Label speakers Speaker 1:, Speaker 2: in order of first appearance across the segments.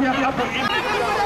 Speaker 1: gracias.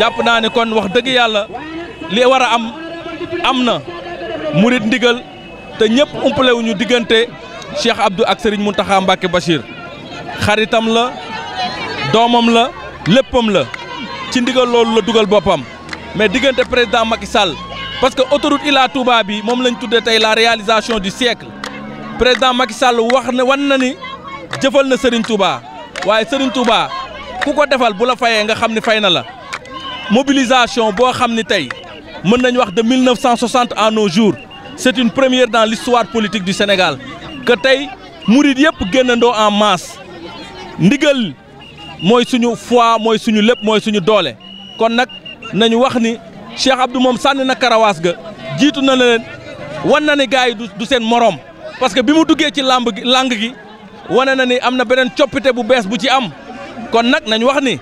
Speaker 2: jàpp naa ne kon wax dëgg yàlla li war a am am na murit ndigal te ñëpp umpale wuñu diggante Cheikh Abdou ak Serigne Mountakha Mbacké Bachir xaritam la doomam la léppam la ci ndigal loolu la dugal boppam mais diggante président Macky Sall parce que autoroute Ila Touba bi moom lañ tuddee tey la réalisation di siècle président Macky Sall wax na wan na ni jëfal na Serigne Touba waaye Serigne Touba ku ko defal bu la fayee nga xam ni fay na la. mobilisation boo xam ni tey wax de 1960 à nos jours c'est une première dans l'histoire politique du Sénégal que tay, murid en masse ndigal mooy suñu foi mooy suñu lépp mooy suñu doole kon nag nañu wax ni Cheikh Abdou Mom sànni na karawaas ga jiitu na leen wan na ne du sen morom. parce que bi mu duggee ci làmb gi làng gi wane na ni am na beneen bu bees bu ci am kon nag nañu wax ni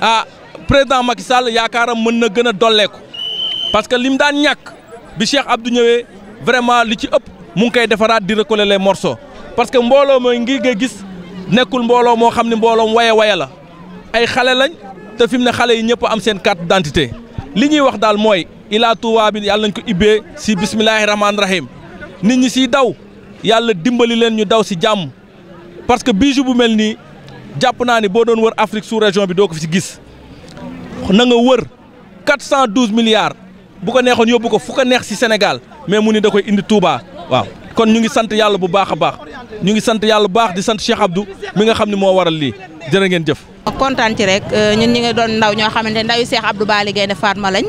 Speaker 2: ah président Macky Sall yaakaaram mën na gën a parce que lim daan ñak bi Cheikh Abdou ñëwee vraiment li ci ëpp mu ngi koy défarat di recoller les morceaux parce que mbolo mo ngi nga gis nekkul mbolo mo xamni mbolo mbooloom waye waye la ay xalé lañ te fim ne xalé yi ñëpp am seen carte d'identité li ñi wax dal moy ila Touba bi yalla ñu ko ibé si bismillahir rahmanir rahim nit ñi siy daw yalla dimbali leen ñu daw si jamm parce que bijou bu melni, japp jàpp naa ni boo doon wër Afrique sous région bi do ko fi gis na nga wër 412 milliards bu ko neexoon yóbbu ko fu ko neex ci Sénégal mais mu ni da koy indi Touba waaw kon ñu ngi sante Yalla bu baaxa baax ñu ngi sante Yalla bu baax di sante Cheikh Abdou mi nga xamni mo waral li jere ngeen jëf.
Speaker 3: contane ci rek euh, ñun ñi nga doon ndaw ño xamante ndaw Cheikh Abdou Bali gene Fatma lañ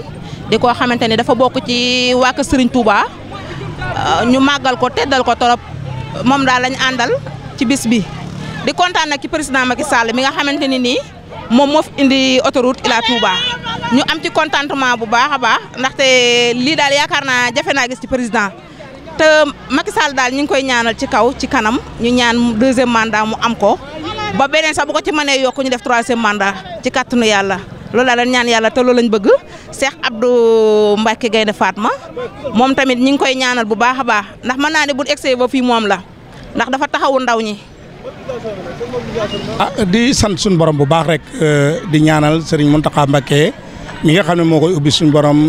Speaker 3: di ko xamante dafa bokk ci waak Serigne Touba euh, ñu magal ko teddal ko torop mom da lañ andal ci bis bi di contane nak ci président Macky Sall mi nga xamanteni ni mom mo fi indi autoroute Ila Touba ñu am ci contentement bu baaxa baax ndax té li dal yakarna jafe naa gis ci président té Macky Sall dal ñing koy ñaanal ci kaw ci kanam ñu ñaan deuxième mandat mu am ko ba benen sax bu ko ci mané yok ñu def troisième mandat ci katunu yalla lool la lañ ñaan yalla té lool lañ bëgg Cheikh Abdou Mbacké Gayna Fatma Mom tamit ñing koy ñaanal bu baaxa baax ndax man na né bu exé ba fi mom la ndax dafa taxawu ndaw ñi. a
Speaker 1: ah, di sant suñu borom bu baax rek euh, di ñaanal seriñ sëriñ Mountakha Mbacké mi nga xam ne moo ko ubbi suñu borom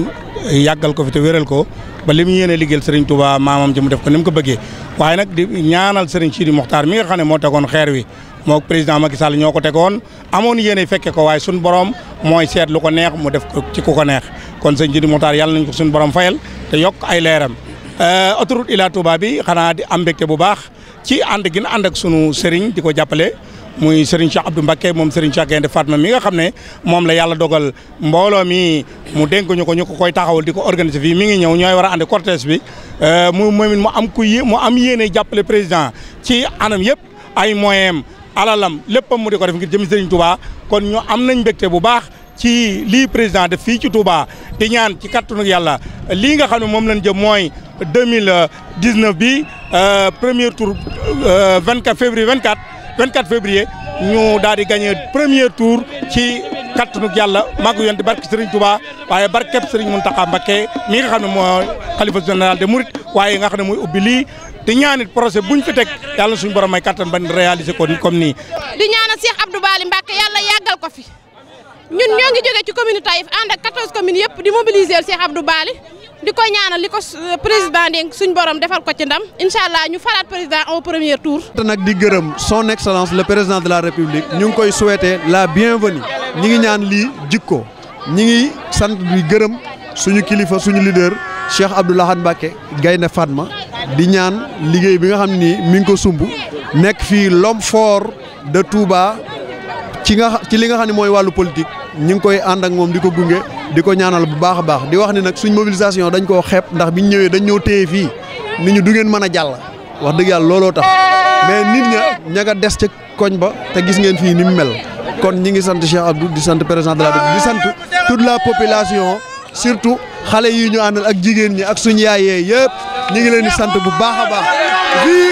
Speaker 1: euh, yàggal ko fi te wéral ko ba li mu yéene liggéel seriñ Touba maamam ji mu def ko ni mu ko bëggee waaye nag di ñaanal sëriñ Sidi Mokhtar mi nga xam ne moo tegoon xeer wi moo président Macky Sall ñoo ko tegoon amoon yéene fekke ko waaye suñu borom mooy seet lu ko neex mu def ko ci ku ko neex kon sëriñ Sidi Mokhtar yàlla nañ ko suñu borom fayal te yokk ay leeram euh, autoroute bu baax ci ànd gi na ànd sunu sëriñ di ko jàppale muy sëriñ Cheikh Abdou Mbacké moom sëriñ Cheikh Gaïndé Fatma mi nga xam ne moom la yàlla dogal mbooloo mi mu dénk ñu ko ñu ko koy taxawul di ko organise fii mi ngi ñëw ñooy war a ànd bi euh, mu moom it mu am ku mu am yéene jàppale président ci anam yëpp ay moyens alalam léppam mu di ko def ngir jëm sëriñ Touba kon ñu am nañ mbégte bu baax ci lii président def fii ci Touba di ñaan ci kattanu yàlla lii nga xam ne moom lañ jëm mooy 2019 bi Euh, premier tour 24 euh, février 24 24 février ñu daal di gagné premier tour ci kattanu yàlla maa ngi yonte barke Serigne Touba waye barke Serigne muntaka mbake mi nga xamne moy khalifa general de Mouride waye nga xamne moy mooy ubbi lii di ñaanit projet buñ fi tek yalla suñu borom may kattan ban réaliser ko comme ni
Speaker 3: di ñaanal Cheikh Abdou Bali mbake yalla yagal ko fi ñun ñoo ngi jógee ci commune taif and ak 14 commune yépp di mobiliser Cheikh Abdou Bali di ko ñaanal li ko eh, président dénk suñ borom defal ko ci ndam incha allah ñu falaat président au premier tour. te
Speaker 2: di gërëm son excellence le président de la république ñu ngi koy souhaiter la bienvenue ñi ngi ñaan lii jikko ñi ngi sant di gërëm suñu kilifa suñu leader Cheikh Abdou Lahad Mbacké Gaïndé Fatma di ñaan liggéey bi nga xam ni mi ngi ko sumb nekk fii l'homme fort de Touba ci nga ci li nga xam ne mooy politique ñi ngi koy ak di ko diko ñaanal bu baax baax di wax ni nak suñ mobilisation dañ ko xép ndax biñ ñëwé dañ ñoo téé fi ni ñu du ngeen mëna jall wax deug yalla lolo tax mais nit ña ñaga dess ci koñ ba te gis ngeen fi ni mel kon ñi ngi sante Cheikh Abdou di sante président de la République di sante toute la population surtout xalé yi ñu andal ak jigéen ñi ak suñu yaayé yépp ñi ngi leen di sante bu baax baax